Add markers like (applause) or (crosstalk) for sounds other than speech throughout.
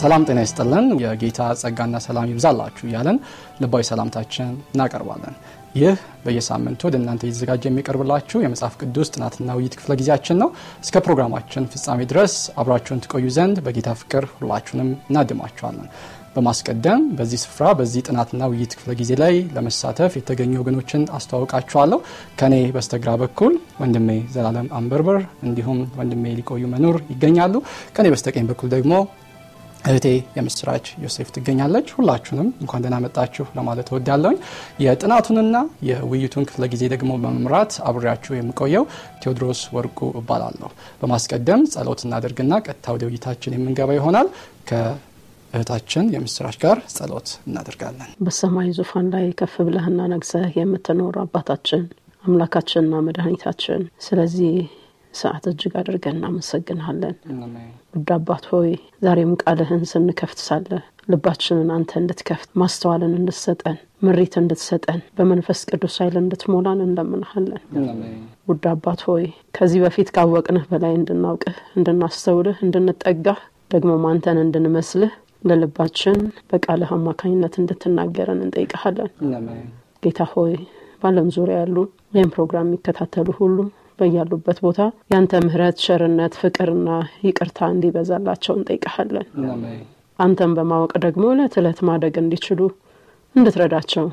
ሰላም ጤና ይስጥልን። የጌታ ጸጋና ሰላም ይብዛላችሁ እያለን ልባዊ ሰላምታችን እናቀርባለን። ይህ በየሳምንቱ ወደ እናንተ እየተዘጋጀ የሚቀርብላችሁ የመጽሐፍ ቅዱስ ጥናትና ውይይት ክፍለ ጊዜያችን ነው። እስከ ፕሮግራማችን ፍጻሜ ድረስ አብራችሁን ትቆዩ ዘንድ በጌታ ፍቅር ሁላችሁንም እናድማችኋለን። በማስቀደም በዚህ ስፍራ በዚህ ጥናትና ውይይት ክፍለ ጊዜ ላይ ለመሳተፍ የተገኙ ወገኖችን አስተዋውቃችኋለሁ። ከኔ በስተግራ በኩል ወንድሜ ዘላለም አንበርበር እንዲሁም ወንድሜ ሊቆዩ መኖር ይገኛሉ። ከኔ በስተቀኝ በኩል ደግሞ እህቴ የምስራች ዮሴፍ ትገኛለች። ሁላችሁንም እንኳን ደህና መጣችሁ ለማለት ያለውኝ የጥናቱንና የውይይቱን ክፍለ ጊዜ ደግሞ በመምራት አብሬያችሁ የምቆየው ቴዎድሮስ ወርቁ እባላለሁ። በማስቀደም ጸሎት እናደርግና ቀጥታ ወደ ውይይታችን የምንገባ ይሆናል። ከእህታችን የምስራች ጋር ጸሎት እናደርጋለን። በሰማይ ዙፋን ላይ ከፍ ብለህና ነግሰህ የምትኖር አባታችን አምላካችንና መድኃኒታችን ስለዚህ ሰዓት እጅግ አድርገን እናመሰግናለን። ውድ አባት ሆይ ዛሬም ቃልህን ስንከፍት ሳለ ልባችንን አንተ እንድትከፍት ማስተዋልን እንድትሰጠን ምሪት እንድትሰጠን በመንፈስ ቅዱስ ኃይል እንድትሞላን እንለምናሃለን ውድ አባት ሆይ ከዚህ በፊት ካወቅንህ በላይ እንድናውቅህ፣ እንድናስተውልህ፣ እንድንጠጋህ ደግሞ አንተን እንድንመስልህ ለልባችን በቃልህ አማካኝነት እንድትናገረን እንጠይቀሃለን። ጌታ ሆይ በዓለም ዙሪያ ያሉ ይህም ፕሮግራም የሚከታተሉ ሁሉ በያሉበት ቦታ ያንተ ምህረት ሸርነት ፍቅርና ይቅርታ እንዲበዛላቸው እንጠይቀሃለን። አንተን በማወቅ ደግሞ እለት እለት ማደግ እንዲችሉ እንድትረዳቸው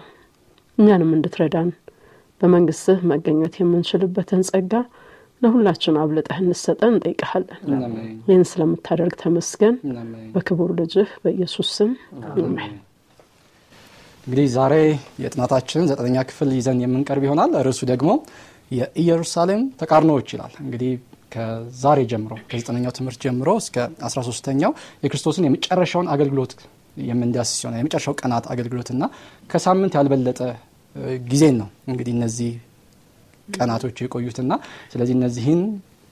እኛንም እንድትረዳን በመንግስትህ መገኘት የምንችልበትን ጸጋ ለሁላችን አብልጠህ እንሰጠን እንጠይቀሃለን። ይህን ስለምታደርግ ተመስገን። በክቡር ልጅህ በኢየሱስ ስም አሜን። እንግዲህ ዛሬ የጥናታችን ዘጠነኛ ክፍል ይዘን የምንቀርብ ይሆናል። ርዕሱ ደግሞ የኢየሩሳሌም ተቃርኖዎች ይላል እንግዲህ ከዛሬ ጀምሮ ከዘጠነኛው ትምህርት ጀምሮ እስከ 13ተኛው የክርስቶስን የመጨረሻውን አገልግሎት የምንዳስ ሲሆን የመጨረሻው ቀናት አገልግሎትና ከሳምንት ያልበለጠ ጊዜን ነው እንግዲህ እነዚህ ቀናቶች የቆዩትና ስለዚህ እነዚህን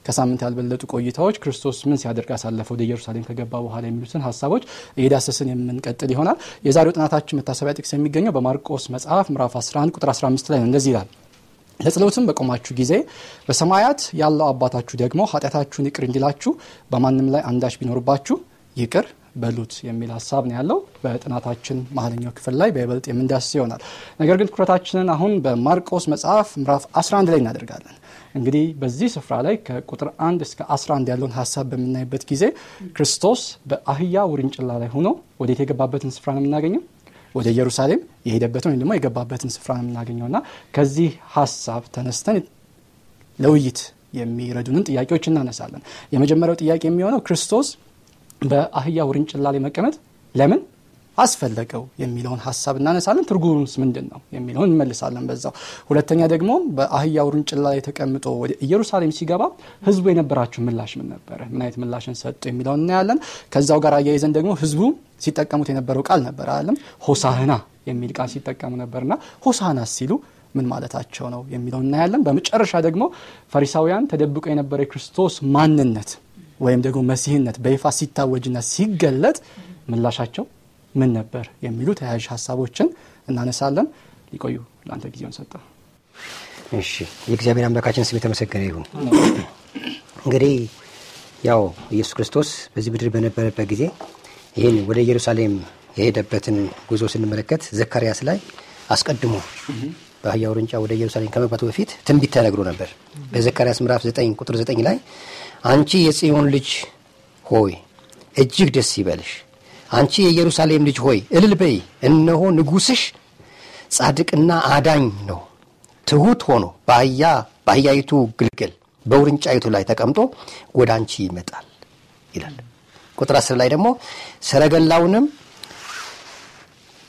ከሳምንት ያልበለጡ ቆይታዎች ክርስቶስ ምን ሲያደርግ አሳለፈ ወደ ኢየሩሳሌም ከገባ በኋላ የሚሉትን ሀሳቦች እየዳሰስን የምንቀጥል ይሆናል። የዛሬው ጥናታችን መታሰቢያ ጥቅስ የሚገኘው በማርቆስ መጽሐፍ ምዕራፍ 11 ቁጥር 15 ላይ ነው። እንደዚህ ይላል ለጸሎትም በቆማችሁ ጊዜ በሰማያት ያለው አባታችሁ ደግሞ ኃጢአታችሁን ይቅር እንዲላችሁ በማንም ላይ አንዳች ቢኖርባችሁ ይቅር በሉት የሚል ሀሳብ ነው ያለው። በጥናታችን መሀለኛው ክፍል ላይ በይበልጥ የምንዳስ ይሆናል። ነገር ግን ትኩረታችንን አሁን በማርቆስ መጽሐፍ ምራፍ 11 ላይ እናደርጋለን። እንግዲህ በዚህ ስፍራ ላይ ከቁጥር 1 እስከ 11 ያለውን ሀሳብ በምናይበት ጊዜ ክርስቶስ በአህያ ውርንጭላ ላይ ሆኖ ወዴት የገባበትን ስፍራ ነው የምናገኘው ወደ ኢየሩሳሌም የሄደበትን ወይም ደግሞ የገባበትን ስፍራ ነው የምናገኘው እና ከዚህ ሀሳብ ተነስተን ለውይይት የሚረዱንን ጥያቄዎች እናነሳለን። የመጀመሪያው ጥያቄ የሚሆነው ክርስቶስ በአህያ ውርንጭላ ላይ መቀመጥ ለምን አስፈለገው የሚለውን ሀሳብ እናነሳለን። ትርጉሙስ ምንድን ነው የሚለውን እንመልሳለን በዛው። ሁለተኛ ደግሞ በአህያው ውርንጭላ ላይ ተቀምጦ ወደ ኢየሩሳሌም ሲገባ ህዝቡ የነበራችሁ ምላሽ ምን ነበረ? ምን አይነት ምላሽን ሰጡ የሚለውን እናያለን። ከዛው ጋር አያይዘን ደግሞ ህዝቡ ሲጠቀሙት የነበረው ቃል ነበር አለም ሆሳህና የሚል ቃል ሲጠቀሙ ነበርና ሆሳህና ሲሉ ምን ማለታቸው ነው የሚለው እናያለን። በመጨረሻ ደግሞ ፈሪሳውያን ተደብቆ የነበረ የክርስቶስ ማንነት ወይም ደግሞ መሲህነት በይፋ ሲታወጅና ሲገለጥ ምላሻቸው ምን ነበር የሚሉ ተያያዥ ሀሳቦችን እናነሳለን። ሊቆዩ ለአንተ ጊዜውን ሰጠ። እሺ፣ የእግዚአብሔር አምላካችን ስም የተመሰገነ ይሁን። እንግዲህ ያው ኢየሱስ ክርስቶስ በዚህ ምድር በነበረበት ጊዜ ይህን ወደ ኢየሩሳሌም የሄደበትን ጉዞ ስንመለከት ዘካርያስ ላይ አስቀድሞ በአህያ ውርንጫ ወደ ኢየሩሳሌም ከመግባቱ በፊት ትንቢት ተነግሮ ነበር። በዘካርያስ ምዕራፍ 9 ቁጥር 9 ላይ አንቺ የጽዮን ልጅ ሆይ እጅግ ደስ ይበልሽ አንቺ የኢየሩሳሌም ልጅ ሆይ እልል በይ እነሆ ንጉሥሽ ጻድቅና አዳኝ ነው ትሁት ሆኖ በአያ በአህያይቱ ግልግል በውርንጫይቱ ላይ ተቀምጦ ወደ አንቺ ይመጣል ይላል ቁጥር አስር ላይ ደግሞ ሰረገላውንም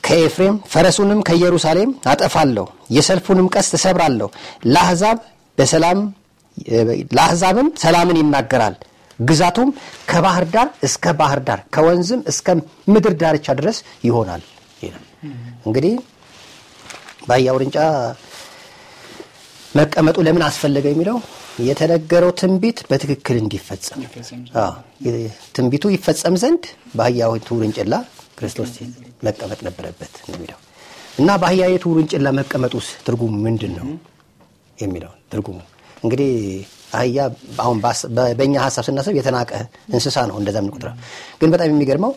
ከኤፍሬም ፈረሱንም ከኢየሩሳሌም አጠፋለሁ የሰልፉንም ቀስ ትሰብራለሁ ለአሕዛብ በሰላም ለአሕዛብም ሰላምን ይናገራል ግዛቱም ከባህር ዳር እስከ ባህር ዳር ከወንዝም እስከ ምድር ዳርቻ ድረስ ይሆናል ይላል። እንግዲህ ባያ ውርንጫ መቀመጡ ለምን አስፈለገ የሚለው የተነገረው ትንቢት በትክክል እንዲፈጸም ትንቢቱ ይፈጸም ዘንድ በአህያዊቱ ውርንጭላ ክርስቶስ መቀመጥ ነበረበት የሚለው እና በአህያዊቱ ውርንጭላ መቀመጡስ ትርጉሙ ምንድን ነው የሚለው ትርጉሙ እንግዲህ አህያ አሁን በእኛ ሀሳብ ስናስብ የተናቀ እንስሳ ነው። እንደዛ ምንቁጥረ ግን በጣም የሚገርመው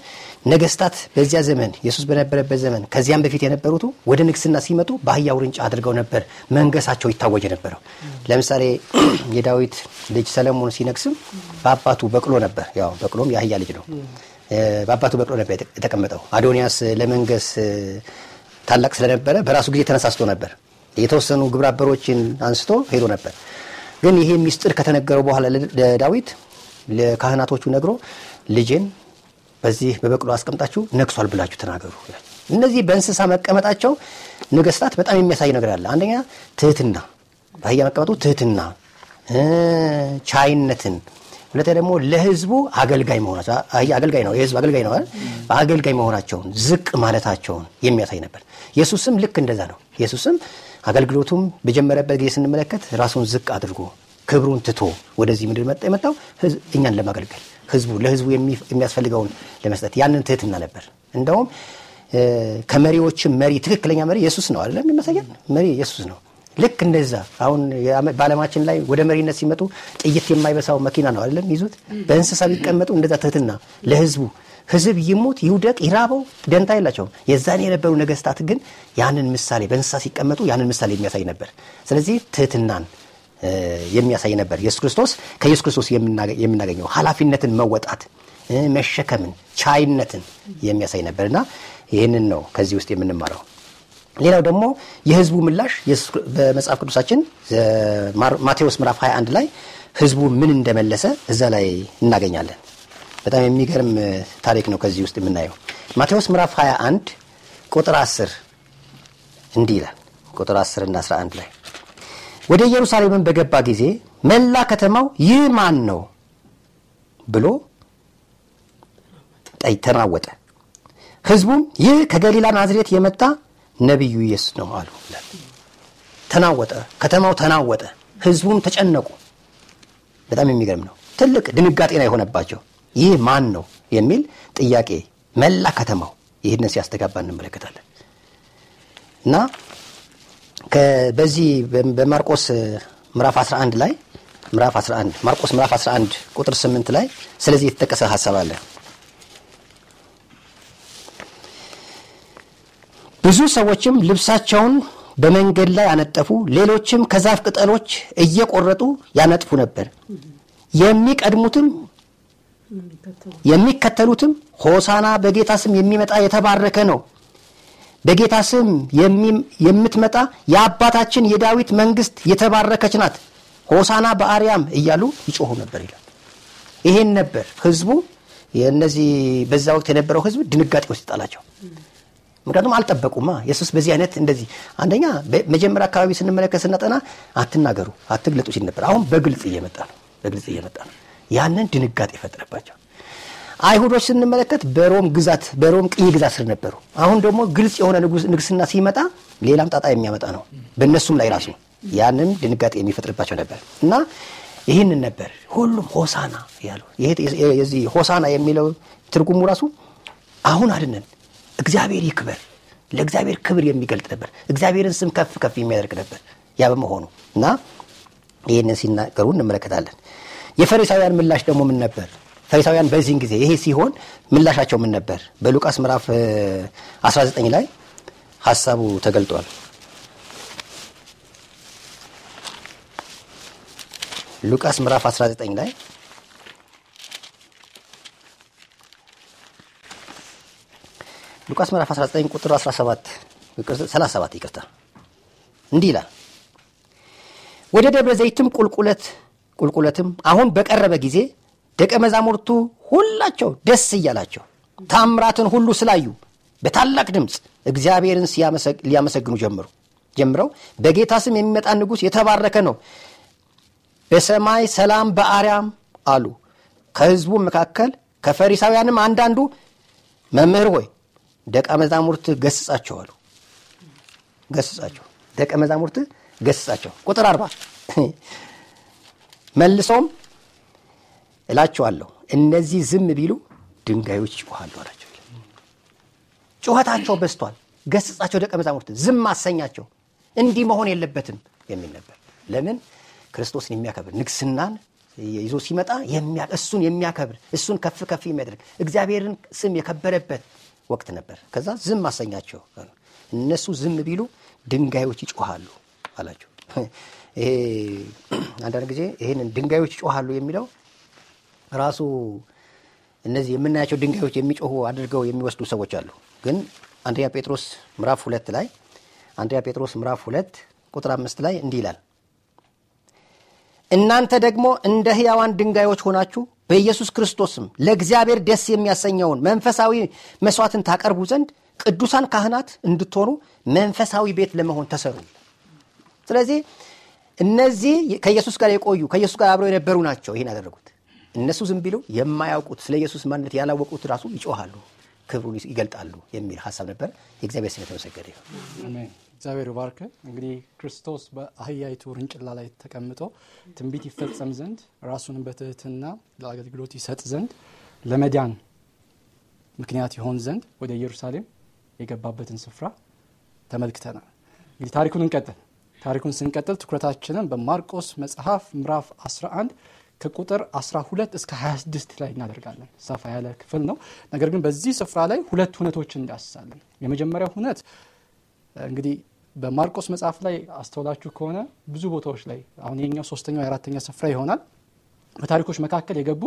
ነገስታት በዚያ ዘመን የሱስ በነበረበት ዘመን ከዚያም በፊት የነበሩቱ ወደ ንግስና ሲመጡ በአህያ ውርንጫ አድርገው ነበር መንገሳቸው ይታወጀ ነበረው። ለምሳሌ (clears throat) የዳዊት ልጅ ሰለሞን ሲነግስም በአባቱ በቅሎ ነበር። ያው በቅሎም የአህያ ልጅ ነው። በአባቱ በቅሎ ነበር የተቀመጠው። አዶንያስ ለመንገስ ታላቅ ስለነበረ በራሱ ጊዜ ተነሳስቶ ነበር። የተወሰኑ ግብረ አበሮችን አንስቶ ሄዶ ነበር። ግን ይሄ ሚስጥር ከተነገረው በኋላ ለዳዊት ለካህናቶቹ ነግሮ ልጄን በዚህ በበቅሎ አስቀምጣችሁ ነግሷል ብላችሁ ተናገሩ እነዚህ በእንስሳ መቀመጣቸው ነገስታት በጣም የሚያሳይ ነገር አለ። አንደኛ ትህትና፣ በአህያ መቀመጡ ትህትና፣ ቻይነትን ሁለተ ደግሞ ለህዝቡ አገልጋይ መሆናቸው አገልጋይ ነው፣ የህዝብ አገልጋይ ነው። አገልጋይ መሆናቸውን ዝቅ ማለታቸውን የሚያሳይ ነበር። ኢየሱስም ልክ እንደዛ ነው። ኢየሱስም አገልግሎቱም በጀመረበት ጊዜ ስንመለከት ራሱን ዝቅ አድርጎ ክብሩን ትቶ ወደዚህ ምድር መጣ። የመጣው እኛን ለማገልገል ህዝቡ ለህዝቡ የሚያስፈልገውን ለመስጠት ያንን ትህትና ነበር። እንደውም ከመሪዎችም መሪ ትክክለኛ መሪ የሱስ ነው አይደለም የሚመሰገን መሪ የሱስ ነው። ልክ እንደዛ አሁን በዓለማችን ላይ ወደ መሪነት ሲመጡ ጥይት የማይበሳው መኪና ነው አይደለም ይዙት በእንስሳ ቢቀመጡ እንደዛ ትህትና ለህዝቡ ህዝብ ይሙት ይውደቅ ይራበው ደንታ የላቸውም። የዛን የነበሩ ነገስታት ግን ያንን ምሳሌ በእንስሳ ሲቀመጡ ያንን ምሳሌ የሚያሳይ ነበር። ስለዚህ ትህትናን የሚያሳይ ነበር። ኢየሱስ ክርስቶስ ከኢየሱስ ክርስቶስ የምናገኘው ኃላፊነትን መወጣት መሸከምን፣ ቻይነትን የሚያሳይ ነበር እና ይህንን ነው ከዚህ ውስጥ የምንማረው። ሌላው ደግሞ የህዝቡ ምላሽ በመጽሐፍ ቅዱሳችን ማቴዎስ ምዕራፍ 21 ላይ ህዝቡ ምን እንደመለሰ እዛ ላይ እናገኛለን። በጣም የሚገርም ታሪክ ነው ከዚህ ውስጥ የምናየው። ማቴዎስ ምዕራፍ 21 ቁጥር 10 እንዲህ ይላል። ቁጥር 10 እና 11 ላይ ወደ ኢየሩሳሌምን በገባ ጊዜ መላ ከተማው ይህ ማን ነው ብሎ ተናወጠ። ህዝቡም ይህ ከገሊላ ናዝሬት የመጣ ነቢዩ ኢየሱስ ነው አሉ። ተናወጠ፣ ከተማው ተናወጠ፣ ህዝቡም ተጨነቁ። በጣም የሚገርም ነው። ትልቅ ድንጋጤ ነው የሆነባቸው። ይህ ማን ነው የሚል ጥያቄ መላ ከተማው ይህን ሲያስተጋባ እንመለከታለን እና በዚህ በማርቆስ ምራፍ 11 ላይ ምራፍ 11 ማርቆስ ምራፍ 11 ቁጥር 8 ላይ ስለዚህ የተጠቀሰ ሀሳብ አለ ብዙ ሰዎችም ልብሳቸውን በመንገድ ላይ አነጠፉ ሌሎችም ከዛፍ ቅጠሎች እየቆረጡ ያነጥፉ ነበር የሚቀድሙትም የሚከተሉትም ሆሳና በጌታ ስም የሚመጣ የተባረከ ነው በጌታ ስም የምትመጣ የአባታችን የዳዊት መንግስት የተባረከች ናት ሆሳና በአርያም እያሉ ይጮሁ ነበር ይላል ይሄን ነበር ህዝቡ እነዚህ በዛ ወቅት የነበረው ህዝብ ድንጋጤ ውስጥ ይጣላቸው ምክንያቱም አልጠበቁማ የሱስ በዚህ አይነት እንደዚህ አንደኛ መጀመሪያ አካባቢ ስንመለከት ስናጠና አትናገሩ አትግለጡ ሲል ነበር አሁን በግልጽ እየመጣ ነው በግልጽ እየመጣ ነው ያንን ድንጋጤ ፈጠረባቸው። አይሁዶች ስንመለከት በሮም ግዛት በሮም ቅኝ ግዛት ስር ነበሩ። አሁን ደግሞ ግልጽ የሆነ ንግስና ሲመጣ ሌላም ጣጣ የሚያመጣ ነው በእነሱም ላይ ራሱ ያንን ድንጋጤ የሚፈጥርባቸው ነበር እና ይህንን ነበር ሁሉም ሆሳና ያሉ። የዚህ ሆሳና የሚለው ትርጉሙ ራሱ አሁን አድነን እግዚአብሔር ይክበር፣ ለእግዚአብሔር ክብር የሚገልጥ ነበር። እግዚአብሔርን ስም ከፍ ከፍ የሚያደርግ ነበር። ያ በመሆኑ እና ይህንን ሲናገሩ እንመለከታለን። የፈሪሳውያን ምላሽ ደግሞ ምን ነበር? ፈሪሳውያን በዚህን ጊዜ ይሄ ሲሆን ምላሻቸው ምን ነበር? በሉቃስ ምዕራፍ 19 ላይ ሀሳቡ ተገልጧል። ሉቃስ ምዕራፍ 19 ላይ ሉቃስ ምዕራፍ 19 ቁጥር 17 37 ይቅርታ፣ እንዲህ ይላል ወደ ደብረ ዘይትም ቁልቁለት ቁልቁለትም አሁን በቀረበ ጊዜ ደቀ መዛሙርቱ ሁላቸው ደስ እያላቸው ታምራትን ሁሉ ስላዩ በታላቅ ድምፅ እግዚአብሔርን ሊያመሰግኑ ጀምሩ ጀምረው በጌታ ስም የሚመጣ ንጉሥ የተባረከ ነው በሰማይ ሰላም በአርያም አሉ ከህዝቡ መካከል ከፈሪሳውያንም አንዳንዱ መምህር ሆይ ደቀ መዛሙርት ገስጻቸው አሉ ገስጻቸው ደቀ መዛሙርት ገስጻቸው ቁጥር አርባ መልሰውም እላችኋለሁ እነዚህ ዝም ቢሉ ድንጋዮች ይጮኋሉ አላቸው ጩኸታቸው በስቷል ገስጻቸው ደቀ መዛሙርት ዝም አሰኛቸው እንዲህ መሆን የለበትም የሚል ነበር ለምን ክርስቶስን የሚያከብር ንግስናን ይዞ ሲመጣ እሱን የሚያከብር እሱን ከፍ ከፍ የሚያደርግ እግዚአብሔርን ስም የከበረበት ወቅት ነበር ከዛ ዝም አሰኛቸው እነሱ ዝም ቢሉ ድንጋዮች ይጮኋሉ አላቸው ይሄ አንዳንድ ጊዜ ይህንን ድንጋዮች ይጮሃሉ የሚለው ራሱ እነዚህ የምናያቸው ድንጋዮች የሚጮሁ አድርገው የሚወስዱ ሰዎች አሉ። ግን አንደኛ ጴጥሮስ ምዕራፍ ሁለት ላይ አንደኛ ጴጥሮስ ምዕራፍ ሁለት ቁጥር አምስት ላይ እንዲህ ይላል እናንተ ደግሞ እንደ ሕያዋን ድንጋዮች ሆናችሁ በኢየሱስ ክርስቶስም ለእግዚአብሔር ደስ የሚያሰኘውን መንፈሳዊ መስዋዕትን ታቀርቡ ዘንድ ቅዱሳን ካህናት እንድትሆኑ መንፈሳዊ ቤት ለመሆን ተሰሩ። ስለዚህ እነዚህ ከኢየሱስ ጋር የቆዩ ከኢየሱስ ጋር አብረው የነበሩ ናቸው ይህን ያደረጉት። እነሱ ዝም ቢለው የማያውቁት ስለ ኢየሱስ ማንነት ያላወቁት ራሱ ይጮሃሉ፣ ክብሩን ይገልጣሉ የሚል ሀሳብ ነበር። የእግዚአብሔር ስም ተመሰገደ እግዚአብሔር ባርክ እንግዲህ ክርስቶስ በአህያይቱ ርንጭላ ላይ ተቀምጦ ትንቢት ይፈጸም ዘንድ ራሱንም በትህትና ለአገልግሎት ይሰጥ ዘንድ ለመዳን ምክንያት ይሆን ዘንድ ወደ ኢየሩሳሌም የገባበትን ስፍራ ተመልክተናል። እንግዲህ ታሪኩን እንቀጥል። ታሪኩን ስንቀጥል ትኩረታችንን በማርቆስ መጽሐፍ ምዕራፍ 11 ከቁጥር 12 እስከ 26 ላይ እናደርጋለን። ሰፋ ያለ ክፍል ነው። ነገር ግን በዚህ ስፍራ ላይ ሁለት ሁነቶች እንዳስሳለን። የመጀመሪያው ሁነት እንግዲህ በማርቆስ መጽሐፍ ላይ አስተውላችሁ ከሆነ ብዙ ቦታዎች ላይ አሁን የኛው ሶስተኛው የአራተኛ ስፍራ ይሆናል በታሪኮች መካከል የገቡ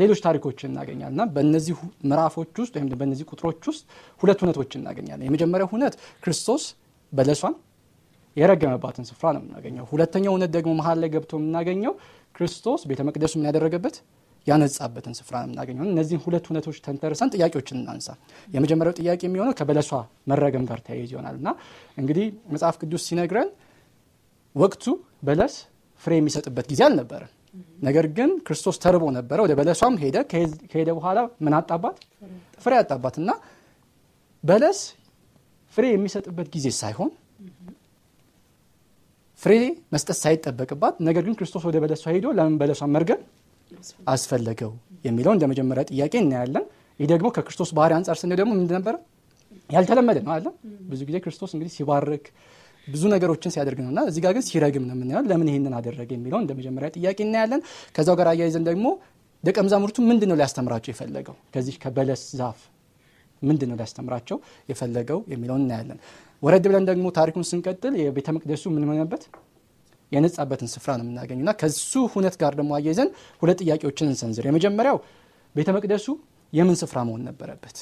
ሌሎች ታሪኮችን እናገኛል እና በእነዚህ ምዕራፎች ውስጥ ወይም በእነዚህ ቁጥሮች ውስጥ ሁለት ሁነቶች እናገኛለን። የመጀመሪያው ሁነት ክርስቶስ በለሷን የረገመባትን ስፍራ ነው የምናገኘው። ሁለተኛው እውነት ደግሞ መሀል ላይ ገብቶ የምናገኘው ክርስቶስ ቤተ መቅደሱ ምን ያደረገበት ያነጻበትን ስፍራ ነው የምናገኘው። እነዚህን ሁለት እውነቶች ተንተርሰን ጥያቄዎችን እናንሳ። የመጀመሪያው ጥያቄ የሚሆነው ከበለሷ መረገም ጋር ተያይዝ ይሆናል እና እንግዲህ መጽሐፍ ቅዱስ ሲነግረን ወቅቱ በለስ ፍሬ የሚሰጥበት ጊዜ አልነበረ። ነገር ግን ክርስቶስ ተርቦ ነበረ። ወደ በለሷም ሄደ። ከሄደ በኋላ ምን አጣባት? ፍሬ አጣባት እና በለስ ፍሬ የሚሰጥበት ጊዜ ሳይሆን ፍሬ መስጠት ሳይጠበቅባት ነገር ግን ክርስቶስ ወደ በለሷ ሄዶ ለምን በለሷ መርገም አስፈለገው የሚለው እንደ መጀመሪያ ጥያቄ እናያለን። ይህ ደግሞ ከክርስቶስ ባህሪ አንጻር ስን ደግሞ ምንድን ነበረ ያልተለመደ ነው አለ። ብዙ ጊዜ ክርስቶስ እንግዲህ ሲባርክ ብዙ ነገሮችን ሲያደርግ ነውና እዚህ ጋር ግን ሲረግም ነው የምናየው። ለምን ይህንን አደረገ የሚለው እንደ መጀመሪያ ጥያቄ እናያለን። ከዛው ጋር አያይዘን ደግሞ ደቀ መዛሙርቱ ምንድን ነው ሊያስተምራቸው የፈለገው ከዚህ ከበለስ ዛፍ ምንድን ነው ሊያስተምራቸው የፈለገው የሚለውን እናያለን። ወረድ ብለን ደግሞ ታሪኩን ስንቀጥል የቤተ መቅደሱ ምንመነበት የነጻበትን ስፍራ ነው ና ከሱ ሁነት ጋር ደግሞ አያይዘን ሁለት ጥያቄዎችን እንሰንዝር። የመጀመሪያው ቤተ መቅደሱ የምን ስፍራ መሆን ነበረበት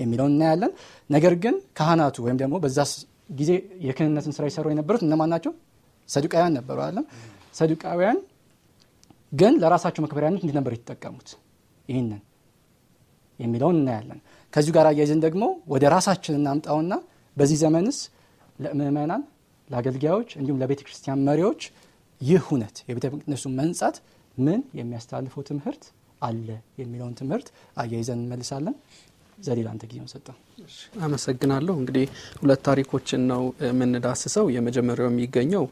የሚለውን እናያለን። ነገር ግን ካህናቱ ወይም ደግሞ በዛ ጊዜ የክህንነትን ስራ ይሰሩ የነበሩት እነማን ናቸው? ሰዱቃውያን ነበሩ አለም። ሰዱቃውያን ግን ለራሳቸው መክበሪያነት እንዴት ነበር የተጠቀሙት? ይህንን የሚለውን እናያለን። ከዚሁ ጋር አያይዘን ደግሞ ወደ ራሳችን እናምጣውና በዚህ ዘመንስ ለምእመናን፣ ለአገልጋዮች እንዲሁም ለቤተ ክርስቲያን መሪዎች ይህ ሁነት የቤተ መቅደሱ መንጻት ምን የሚያስተላልፈው ትምህርት አለ የሚለውን ትምህርት አያይዘን እንመልሳለን። ዘሌላ አንተ ጊዜ ሰጠው አመሰግናለሁ። እንግዲህ ሁለት ታሪኮችን ነው የምንዳስሰው። የመጀመሪያው የሚገኘው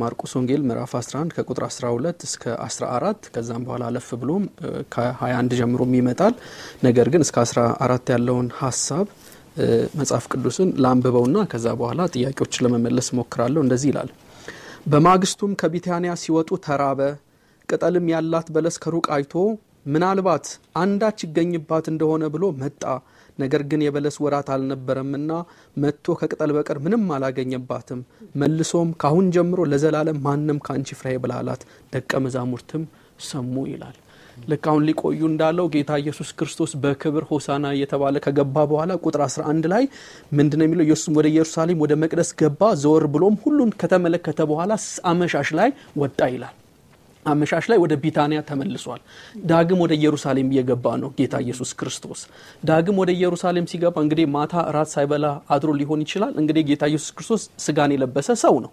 ማርቆስ ወንጌል ምዕራፍ 11 ከቁጥር 12 እስከ 14 ከዛም በኋላ አለፍ ብሎም ከ21 ጀምሮም ይመጣል። ነገር ግን እስከ 14 ያለውን ሀሳብ መጽሐፍ ቅዱስን ላንብበውና ከዛ በኋላ ጥያቄዎችን ለመመለስ ሞክራለሁ። እንደዚህ ይላል። በማግስቱም ከቢታንያ ሲወጡ ተራበ። ቅጠልም ያላት በለስ ከሩቅ አይቶ ምናልባት አንዳች ይገኝባት እንደሆነ ብሎ መጣ። ነገር ግን የበለስ ወራት አልነበረምና መጥቶ ከቅጠል በቀር ምንም አላገኘባትም። መልሶም ካሁን ጀምሮ ለዘላለም ማንም ከአንቺ ፍራይ ብላላት ደቀ መዛሙርትም ሰሙ ይላል። ልክ አሁን ሊቆዩ እንዳለው ጌታ ኢየሱስ ክርስቶስ በክብር ሆሳና እየተባለ ከገባ በኋላ ቁጥር 11 ላይ ምንድን ነው የሚለው? ኢየሱስም ወደ ኢየሩሳሌም ወደ መቅደስ ገባ፣ ዘወር ብሎም ሁሉን ከተመለከተ በኋላ አመሻሽ ላይ ወጣ ይላል። አመሻሽ ላይ ወደ ቢታንያ ተመልሷል። ዳግም ወደ ኢየሩሳሌም እየገባ ነው ጌታ ኢየሱስ ክርስቶስ። ዳግም ወደ ኢየሩሳሌም ሲገባ እንግዲህ ማታ ራት ሳይበላ አድሮ ሊሆን ይችላል። እንግዲህ ጌታ ኢየሱስ ክርስቶስ ስጋን የለበሰ ሰው ነው።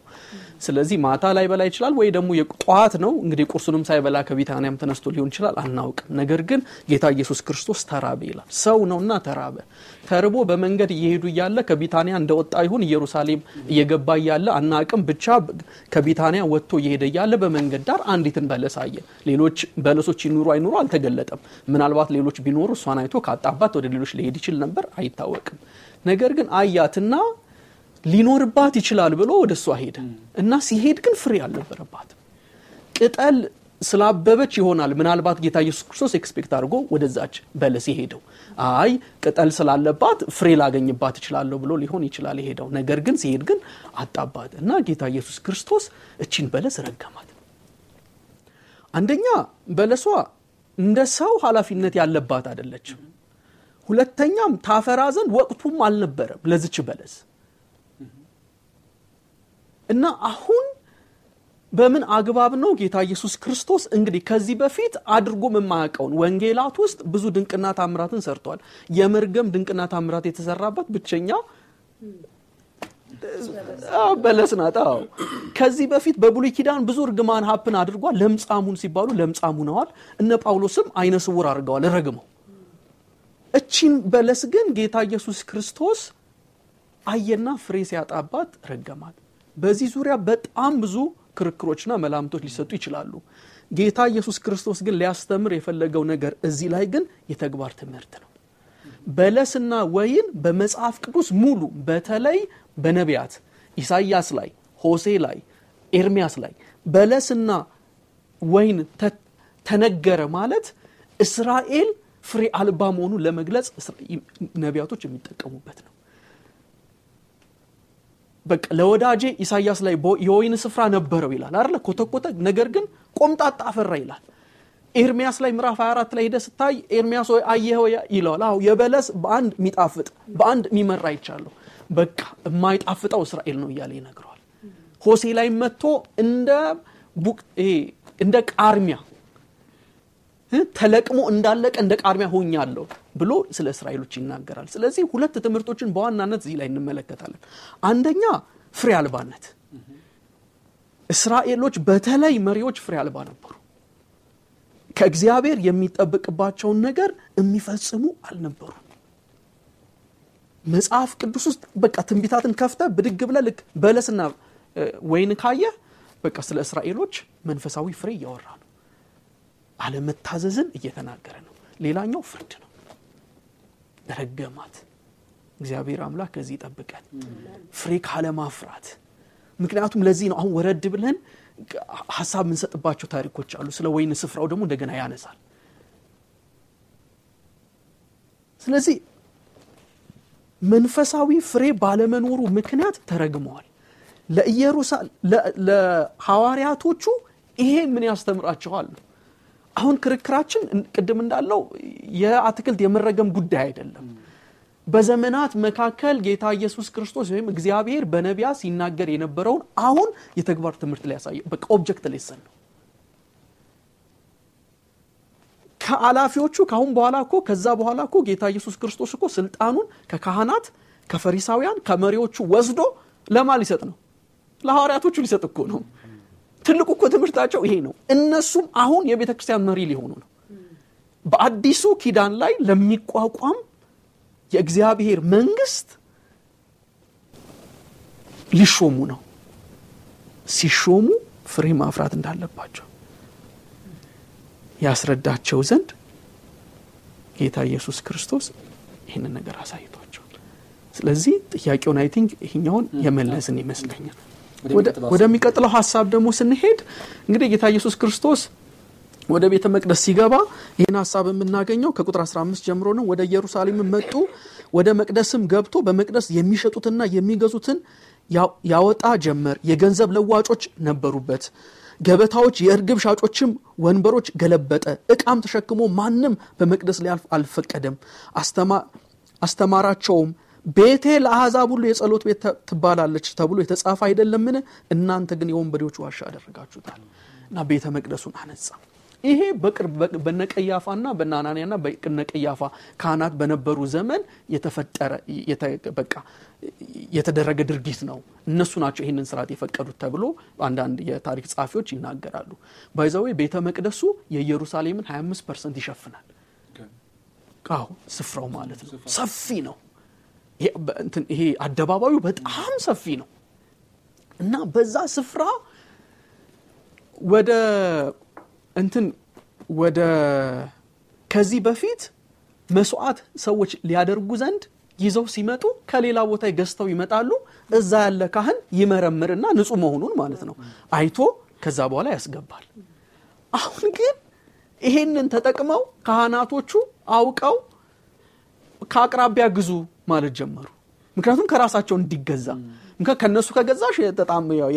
ስለዚህ ማታ ላይ በላ ይችላል ወይ ደግሞ ጠዋት ነው እንግዲህ ቁርሱንም ሳይበላ ከቢታንያም ተነስቶ ሊሆን ይችላል አናውቅም። ነገር ግን ጌታ ኢየሱስ ክርስቶስ ተራበ ይላል። ሰው ነውና ተራበ። ተርቦ በመንገድ እየሄዱ እያለ ከቢታንያ እንደወጣ ይሁን ኢየሩሳሌም እየገባ እያለ አናቅም ብቻ ከቢታንያ ወጥቶ እየሄደ እያለ በመንገድ ዳር አንዲትን በለስ አየ። ሌሎች በለሶች ይኑሩ አይኑሩ አልተገለጠም። ምናልባት ሌሎች ቢኖሩ እሷን አይቶ ካጣባት ወደ ሌሎች ሊሄድ ይችል ነበር፣ አይታወቅም። ነገር ግን አያትና ሊኖርባት ይችላል ብሎ ወደ እሷ ሄደ እና ሲሄድ ግን ፍሬ አልነበረባት ቅጠል ስላበበች ይሆናል ምናልባት ጌታ ኢየሱስ ክርስቶስ ኤክስፔክት አድርጎ ወደዛች በለስ የሄደው። አይ ቅጠል ስላለባት ፍሬ ላገኝባት ይችላለሁ ብሎ ሊሆን ይችላል የሄደው። ነገር ግን ሲሄድ ግን አጣባት እና ጌታ ኢየሱስ ክርስቶስ እቺን በለስ ረገማት። አንደኛ በለሷ እንደ ሰው ኃላፊነት ያለባት አይደለችም። ሁለተኛም ታፈራ ዘንድ ወቅቱም አልነበረም ለዝች በለስ እና አሁን በምን አግባብ ነው ጌታ ኢየሱስ ክርስቶስ እንግዲህ ከዚህ በፊት አድርጎ የማያውቀውን ወንጌላት ውስጥ ብዙ ድንቅና ታምራትን ሰርቷል። የመርገም ድንቅና ታምራት የተሰራበት ብቸኛ በለስ ከዚህ በፊት በብሉይ ኪዳን ብዙ እርግማን ሀፕን አድርጓል። ለምጻሙን ሲባሉ ለምጻሙ ነዋል። እነ ጳውሎስም አይነ ስውር አድርገዋል ረግመው። እቺን በለስ ግን ጌታ ኢየሱስ ክርስቶስ አየና ፍሬ ሲያጣባት ረገማል በዚህ ዙሪያ በጣም ብዙ ክርክሮችና መላምቶች ሊሰጡ ይችላሉ። ጌታ ኢየሱስ ክርስቶስ ግን ሊያስተምር የፈለገው ነገር እዚህ ላይ ግን የተግባር ትምህርት ነው። በለስና ወይን በመጽሐፍ ቅዱስ ሙሉ በተለይ በነቢያት ኢሳይያስ ላይ፣ ሆሴ ላይ፣ ኤርሚያስ ላይ በለስና ወይን ተነገረ ማለት እስራኤል ፍሬ አልባ መሆኑን ለመግለጽ ነቢያቶች የሚጠቀሙበት ነው። በቃ ለወዳጄ ኢሳያስ ላይ የወይን ስፍራ ነበረው ይላል አለ ኮተኮተ፣ ነገር ግን ቆምጣጣ አፈራ ይላል። ኤርሚያስ ላይ ምዕራፍ 24 ላይ ሄደ ስታይ ኤርሚያስ ወይ አየኸው ይለዋል። አዎ የበለስ በአንድ የሚጣፍጥ በአንድ የሚመራ ይቻለሁ፣ በቃ የማይጣፍጠው እስራኤል ነው እያለ ይነግረዋል። ሆሴ ላይ መጥቶ እንደ ቃርሚያ ተለቅሞ እንዳለቀ እንደ ቃርሚያ ሆኛለሁ ብሎ ስለ እስራኤሎች ይናገራል። ስለዚህ ሁለት ትምህርቶችን በዋናነት እዚህ ላይ እንመለከታለን። አንደኛ ፍሬ አልባነት፣ እስራኤሎች በተለይ መሪዎች ፍሬ አልባ ነበሩ። ከእግዚአብሔር የሚጠበቅባቸውን ነገር የሚፈጽሙ አልነበሩ። መጽሐፍ ቅዱስ ውስጥ በቃ ትንቢታትን ከፍተ ብድግ ብለ ልክ በለስና ወይን ካየ በቃ ስለ እስራኤሎች መንፈሳዊ ፍሬ እያወራ አለመታዘዝን እየተናገረ ነው ሌላኛው ፍርድ ነው ረገማት እግዚአብሔር አምላክ ከዚህ ይጠብቀን ፍሬ ካለማፍራት ምክንያቱም ለዚህ ነው አሁን ወረድ ብለን ሀሳብ የምንሰጥባቸው ታሪኮች አሉ ስለ ወይን ስፍራው ደግሞ እንደገና ያነሳል ስለዚህ መንፈሳዊ ፍሬ ባለመኖሩ ምክንያት ተረግመዋል ለኢየሩሳ ለሐዋርያቶቹ ይሄ ምን ያስተምራቸዋል? ነው አሁን ክርክራችን ቅድም እንዳለው የአትክልት የመረገም ጉዳይ አይደለም። በዘመናት መካከል ጌታ ኢየሱስ ክርስቶስ ወይም እግዚአብሔር በነቢያ ሲናገር የነበረውን አሁን የተግባር ትምህርት ላይ ያሳየ በቃ ኦብጀክት ሌሰን ነው። ከአላፊዎቹ ከአሁን በኋላ እኮ ከዛ በኋላ እኮ ጌታ ኢየሱስ ክርስቶስ እኮ ስልጣኑን ከካህናት ከፈሪሳውያን ከመሪዎቹ ወስዶ ለማ ሊሰጥ ነው፣ ለሐዋርያቶቹ ሊሰጥ እኮ ነው። ትልቁ እኮ ትምህርታቸው ይሄ ነው። እነሱም አሁን የቤተ ክርስቲያን መሪ ሊሆኑ ነው። በአዲሱ ኪዳን ላይ ለሚቋቋም የእግዚአብሔር መንግስት ሊሾሙ ነው። ሲሾሙ ፍሬ ማፍራት እንዳለባቸው ያስረዳቸው ዘንድ ጌታ ኢየሱስ ክርስቶስ ይህንን ነገር አሳይቷቸዋል። ስለዚህ ጥያቄውን አይ ይህኛውን የመለስን ይመስለኛል። ወደሚቀጥለው ሀሳብ ደግሞ ስንሄድ እንግዲህ ጌታ ኢየሱስ ክርስቶስ ወደ ቤተ መቅደስ ሲገባ ይህን ሀሳብ የምናገኘው ከቁጥር 15 ጀምሮ ነው። ወደ ኢየሩሳሌም መጡ፣ ወደ መቅደስም ገብቶ በመቅደስ የሚሸጡትና የሚገዙትን ያወጣ ጀመር። የገንዘብ ለዋጮች ነበሩበት፣ ገበታዎች፣ የእርግብ ሻጮችም ወንበሮች ገለበጠ። እቃም ተሸክሞ ማንም በመቅደስ ላይ አልፈቀደም። አስተማራቸውም ቤቴ ለአሕዛብ ሁሉ የጸሎት ቤት ትባላለች ተብሎ የተጻፈ አይደለምን? እናንተ ግን የወንበዴዎች ዋሻ አደረጋችሁታል እና ቤተ መቅደሱን አነጻ። ይሄ በቅርብ በነቀያፋና ና በነቀያፋ ካህናት በነበሩ ዘመን የተፈጠረ በቃ የተደረገ ድርጊት ነው። እነሱ ናቸው ይህንን ስርዓት የፈቀዱት ተብሎ አንዳንድ የታሪክ ጸሐፊዎች ይናገራሉ። ባይዛዌ ቤተ መቅደሱ የኢየሩሳሌምን 25 ፐርሰንት ይሸፍናል። አዎ ስፍራው ማለት ነው፣ ሰፊ ነው። ይሄ አደባባዩ በጣም ሰፊ ነው እና በዛ ስፍራ ወደ እንትን ወደ ከዚህ በፊት መስዋዕት ሰዎች ሊያደርጉ ዘንድ ይዘው ሲመጡ ከሌላ ቦታ ገዝተው ይመጣሉ። እዛ ያለ ካህን ይመረምርና ንጹህ መሆኑን ማለት ነው አይቶ ከዛ በኋላ ያስገባል። አሁን ግን ይሄንን ተጠቅመው ካህናቶቹ አውቀው ከአቅራቢያ ግዙ ማለት ጀመሩ። ምክንያቱም ከራሳቸው እንዲገዛ ከነሱ ከገዛሽ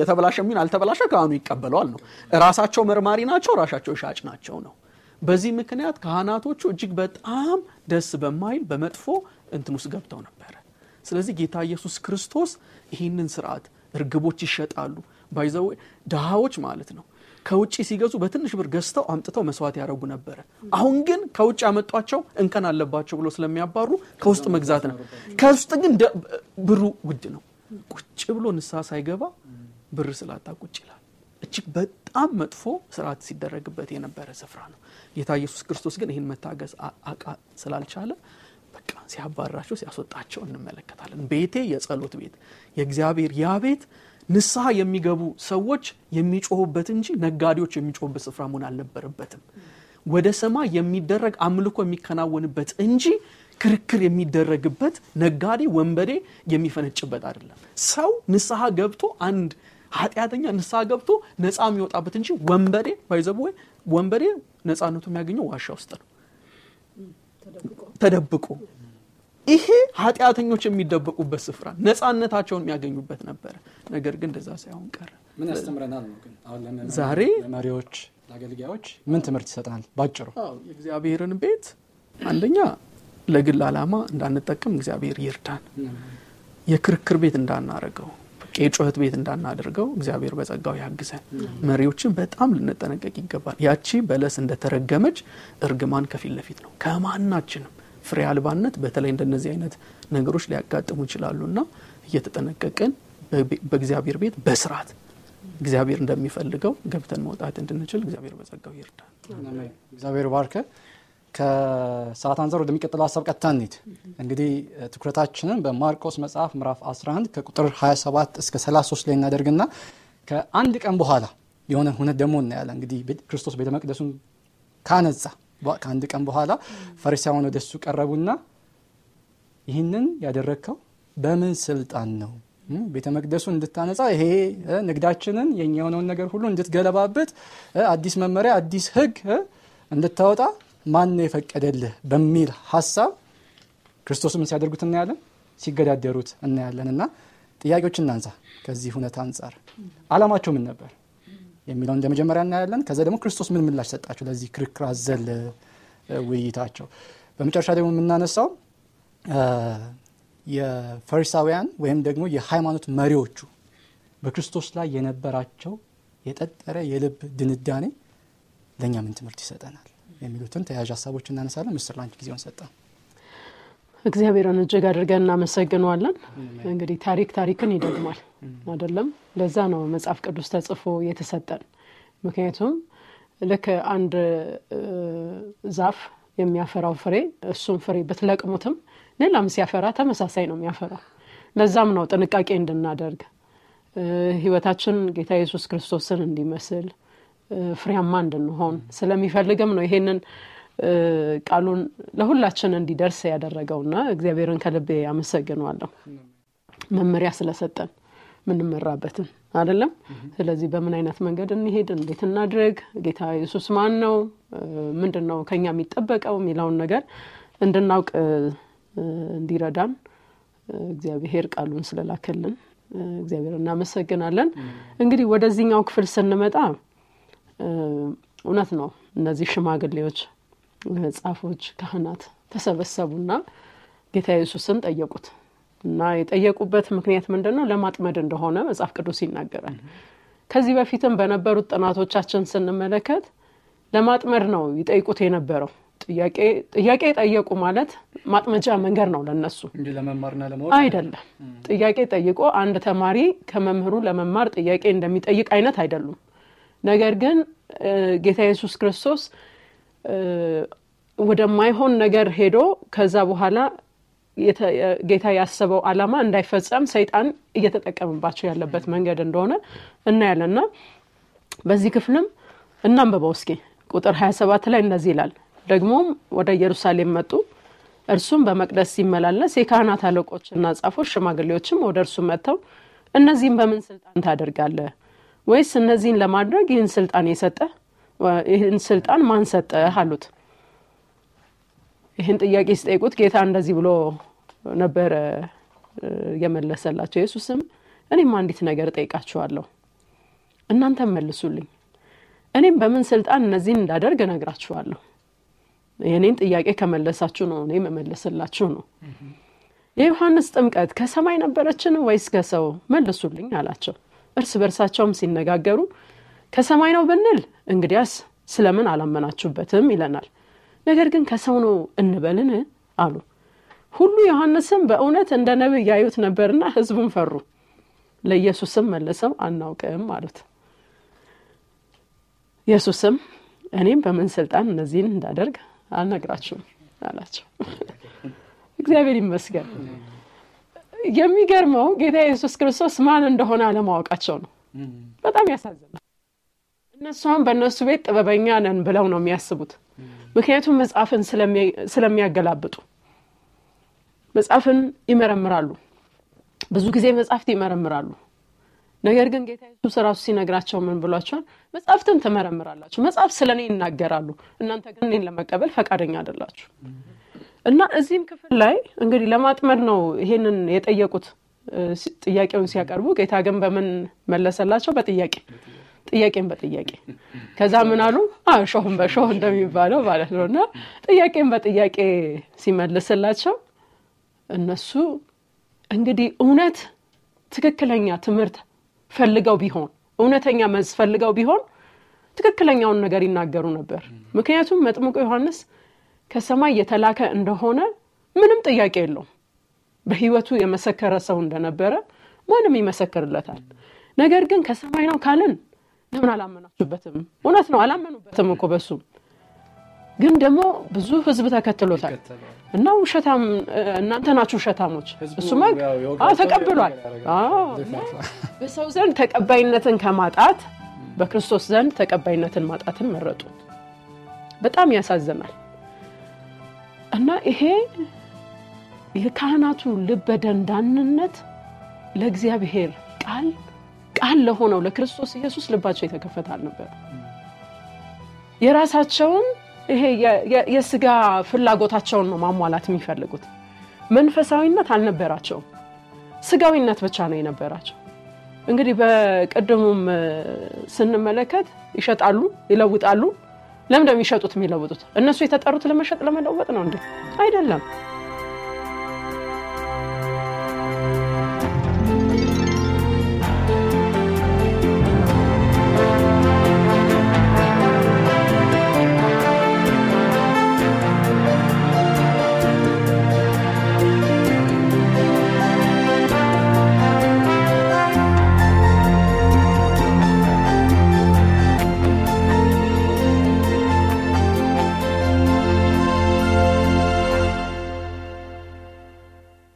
የተበላሸ ሚን አልተበላሸ ካህኑ ይቀበለዋል ነው። ራሳቸው መርማሪ ናቸው፣ ራሳቸው ሻጭ ናቸው ነው። በዚህ ምክንያት ካህናቶቹ እጅግ በጣም ደስ በማይል በመጥፎ እንትን ውስጥ ገብተው ነበረ። ስለዚህ ጌታ ኢየሱስ ክርስቶስ ይህንን ስርዓት እርግቦች ይሸጣሉ ባይዘዌ ድሃዎች ማለት ነው ከውጭ ሲገዙ በትንሽ ብር ገዝተው አምጥተው መስዋዕት ያደረጉ ነበረ። አሁን ግን ከውጭ ያመጧቸው እንከን አለባቸው ብሎ ስለሚያባሩ ከውስጥ መግዛት ነው። ከውስጥ ግን ብሩ ውድ ነው። ቁጭ ብሎ ንሳ ሳይገባ ብር ስላታ ቁጭ ይላል። እጅግ በጣም መጥፎ ስርዓት ሲደረግበት የነበረ ስፍራ ነው። ጌታ ኢየሱስ ክርስቶስ ግን ይህን መታገዝ አቃ ስላልቻለ በቃ ሲያባራቸው ሲያስወጣቸው እንመለከታለን። ቤቴ የጸሎት ቤት የእግዚአብሔር ያ ቤት ንስሐ የሚገቡ ሰዎች የሚጮሁበት እንጂ ነጋዴዎች የሚጮሁበት ስፍራ መሆን አልነበረበትም። ወደ ሰማይ የሚደረግ አምልኮ የሚከናወንበት እንጂ ክርክር የሚደረግበት ነጋዴ ወንበዴ የሚፈነጭበት አይደለም። ሰው ንስሐ ገብቶ አንድ ኃጢአተኛ ንስሐ ገብቶ ነፃ የሚወጣበት እንጂ ወንበዴ ባይዘቡ ወይ ወንበዴ ነፃነቱ የሚያገኘው ዋሻ ውስጥ ነው ተደብቆ ይሄ ኃጢአተኞች የሚደበቁበት ስፍራ ነፃነታቸውን የሚያገኙበት ነበረ። ነገር ግን እንደዛ ሳይሆን ቀረ። ምን ያስተምረናል ነው ግን አሁን ዛሬ መሪዎች፣ አገልጋዮች ምን ትምህርት ይሰጠናል? ባጭሩ የእግዚአብሔርን ቤት አንደኛ ለግል አላማ እንዳንጠቀም እግዚአብሔር ይርዳን። የክርክር ቤት እንዳናረገው፣ የጩኸት ቤት እንዳናደርገው እግዚአብሔር በጸጋው ያግዘን። መሪዎችን በጣም ልንጠነቀቅ ይገባል። ያቺ በለስ እንደተረገመች እርግማን ከፊት ለፊት ነው ከማናችንም ፍሬ አልባነት በተለይ እንደነዚህ አይነት ነገሮች ሊያጋጥሙ ይችላሉ ና እየተጠነቀቅን በእግዚአብሔር ቤት በስርዓት እግዚአብሔር እንደሚፈልገው ገብተን መውጣት እንድንችል እግዚአብሔር በጸጋው ይርዳል። እግዚአብሔር ባርከ። ከሰዓት አንጻር ወደሚቀጥለው ሀሳብ ቀጥታ እንግዲህ ትኩረታችንን በማርቆስ መጽሐፍ ምዕራፍ 11 ከቁጥር 27 እስከ 33 ላይ እናደርግና ከአንድ ቀን በኋላ የሆነ ሁነት ደግሞ እናያለን። እንግዲህ ክርስቶስ ቤተ መቅደሱን ካነጻ ከአንድ ቀን በኋላ ፈሪሳውያን ወደ እሱ ቀረቡና ይህንን ያደረግከው በምን ስልጣን ነው? ቤተ መቅደሱ እንድታነጻ ይሄ ንግዳችንን የኛ የሆነውን ነገር ሁሉ እንድትገለባበት አዲስ መመሪያ አዲስ ህግ እንድታወጣ ማን ነው የፈቀደልህ? በሚል ሀሳብ ክርስቶስን ሲያደርጉት እናያለን፣ ሲገዳደሩት እናያለን። እና ጥያቄዎች እናንሳ ከዚህ ሁነት አንጻር አላማቸው ምን ነበር? የሚለውን እንደመጀመሪያ እናያለን። ከዛ ደግሞ ክርስቶስ ምን ምላሽ ሰጣቸው ለዚህ ክርክር አዘል ውይይታቸው። በመጨረሻ ደግሞ የምናነሳው የፈሪሳውያን ወይም ደግሞ የሃይማኖት መሪዎቹ በክርስቶስ ላይ የነበራቸው የጠጠረ የልብ ድንዳኔ ለእኛ ምን ትምህርት ይሰጠናል የሚሉትን ተያያዥ ሀሳቦች እናነሳለን። ምስር ለአንቺ ጊዜውን ሰጠ። እግዚአብሔርን እጅግ አድርገን እናመሰግነዋለን። እንግዲህ ታሪክ ታሪክን ይደግማል አይደለም? ለዛ ነው መጽሐፍ ቅዱስ ተጽፎ የተሰጠን። ምክንያቱም ልክ አንድ ዛፍ የሚያፈራው ፍሬ እሱም ፍሬ ብትለቅሙትም ሌላም ሲያፈራ ተመሳሳይ ነው የሚያፈራው። ለዛም ነው ጥንቃቄ እንድናደርግ ህይወታችን ጌታ ኢየሱስ ክርስቶስን እንዲመስል ፍሬያማ እንድንሆን ስለሚፈልግም ነው ይሄንን ቃሉን ለሁላችን እንዲደርስ ያደረገውና እግዚአብሔርን ከልቤ አመሰግነዋለሁ። መመሪያ ስለሰጠን ምንመራበትን አደለም ስለዚህ በምን አይነት መንገድ እንሄድ፣ እንዴት እናድረግ ጌታ የሱስ ማን ነው፣ ምንድን ነው ከኛ የሚጠበቀው የሚለውን ነገር እንድናውቅ እንዲረዳን እግዚአብሔር ቃሉን ስለላከልን እግዚአብሔር እናመሰግናለን። እንግዲህ ወደዚህኛው ክፍል ስንመጣ እውነት ነው እነዚህ ሽማግሌዎች ጻፎች፣ ካህናት ተሰበሰቡና ጌታ ኢየሱስን ጠየቁት እና የጠየቁበት ምክንያት ምንድን ነው? ለማጥመድ እንደሆነ መጽሐፍ ቅዱስ ይናገራል። ከዚህ በፊትም በነበሩት ጥናቶቻችን ስንመለከት ለማጥመድ ነው ይጠይቁት የነበረው። ጥያቄ ጠየቁ ማለት ማጥመጃ መንገድ ነው ለነሱ አይደለም። ጥያቄ ጠይቆ አንድ ተማሪ ከመምህሩ ለመማር ጥያቄ እንደሚጠይቅ አይነት አይደሉም። ነገር ግን ጌታ ኢየሱስ ክርስቶስ ወደማይሆን ነገር ሄዶ ከዛ በኋላ ጌታ ያሰበው አላማ እንዳይፈጸም ሰይጣን እየተጠቀምባቸው ያለበት መንገድ እንደሆነ እናያለን በዚህ ክፍልም እናንብበው እስኪ ቁጥር 27 ላይ እንደዚህ ይላል ደግሞም ወደ ኢየሩሳሌም መጡ እርሱም በመቅደስ ሲመላለስ የካህናት አለቆችና ጻፎች ሽማግሌዎችም ወደ እርሱ መጥተው እነዚህም በምን ስልጣን ታደርጋለህ ወይስ እነዚህን ለማድረግ ይህን ስልጣን የሰጠህ ይህን ስልጣን ማን ሰጠህ አሉት። ይህን ጥያቄ ሲጠይቁት ጌታ እንደዚህ ብሎ ነበረ የመለሰላቸው። ኢየሱስም እኔም አንዲት ነገር ጠይቃችኋለሁ፣ እናንተም መልሱልኝ፣ እኔም በምን ስልጣን እነዚህን እንዳደርግ ነግራችኋለሁ የእኔን ጥያቄ ከመለሳችሁ ነው እኔ መመለስላችሁ ነው። የዮሐንስ ጥምቀት ከሰማይ ነበረችን ወይስ ከሰው? መልሱልኝ አላቸው። እርስ በርሳቸውም ሲነጋገሩ ከሰማይ ነው ብንል እንግዲያስ ስለምን አላመናችሁበትም ይለናል። ነገር ግን ከሰው ነው እንበልን አሉ። ሁሉ ዮሐንስም በእውነት እንደ ነቢይ ያዩት ነበርና ህዝቡን ፈሩ። ለኢየሱስም መለሰው አናውቅም አሉት። ኢየሱስም እኔም በምን ስልጣን እነዚህን እንዳደርግ አልነግራችሁም አላቸው። እግዚአብሔር ይመስገን። የሚገርመው ጌታ ኢየሱስ ክርስቶስ ማን እንደሆነ አለማወቃቸው ነው። በጣም ያሳዝናል። እነሱ አሁን በእነሱ ቤት ጥበበኛ ነን ብለው ነው የሚያስቡት። ምክንያቱም መጽሐፍን ስለሚያገላብጡ መጽሐፍን ይመረምራሉ። ብዙ ጊዜ መጽሐፍት ይመረምራሉ። ነገር ግን ጌታ ኢየሱስ ራሱ ሲነግራቸው ምን ብሏቸዋል? መጽሐፍትን ትመረምራላችሁ፣ መጽሐፍ ስለ እኔ ይናገራሉ፣ እናንተ ግን እኔን ለመቀበል ፈቃደኛ አይደላችሁ። እና እዚህም ክፍል ላይ እንግዲህ ለማጥመድ ነው ይሄንን የጠየቁት ጥያቄውን ሲያቀርቡ፣ ጌታ ግን በምን መለሰላቸው? በጥያቄ ጥያቄን በጥያቄ ከዛ ምን አሉ ሾህን በሾህ እንደሚባለው ማለት ነው እና ጥያቄን በጥያቄ ሲመልስላቸው እነሱ እንግዲህ እውነት ትክክለኛ ትምህርት ፈልገው ቢሆን እውነተኛ መዝ ፈልገው ቢሆን ትክክለኛውን ነገር ይናገሩ ነበር ምክንያቱም መጥምቁ ዮሐንስ ከሰማይ የተላከ እንደሆነ ምንም ጥያቄ የለውም በህይወቱ የመሰከረ ሰው እንደነበረ ማንም ይመሰክርለታል ነገር ግን ከሰማይ ነው ካልን ለምን አላመናችሁበትም? እውነት ነው አላመኑበትም እኮ በሱም ግን ደግሞ ብዙ ህዝብ ተከትሎታል እና ውሸታም እናንተ ናችሁ ውሸታሞች። እሱ መግ ተቀብሏል። በሰው ዘንድ ተቀባይነትን ከማጣት በክርስቶስ ዘንድ ተቀባይነትን ማጣትን መረጡ። በጣም ያሳዝናል። እና ይሄ የካህናቱ ልበ ደንዳንነት ለእግዚአብሔር ቃል ቃል ለሆነው ለክርስቶስ ኢየሱስ ልባቸው የተከፈተ አልነበር። የራሳቸውን ይሄ የስጋ ፍላጎታቸውን ነው ማሟላት የሚፈልጉት። መንፈሳዊነት አልነበራቸውም፣ ስጋዊነት ብቻ ነው የነበራቸው። እንግዲህ በቅድሙም ስንመለከት ይሸጣሉ፣ ይለውጣሉ። ለምን ይሸጡት የሚለውጡት እነሱ የተጠሩት ለመሸጥ ለመለወጥ ነው እንዴ? አይደለም።